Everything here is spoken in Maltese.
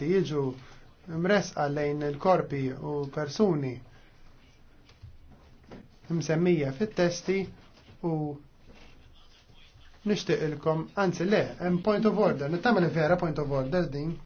jiġu mresqa lejn il-korpi u persuni msemmija fit-testi u nishtiq ilkom, anzi le, point of order, nittamil vera point of order din.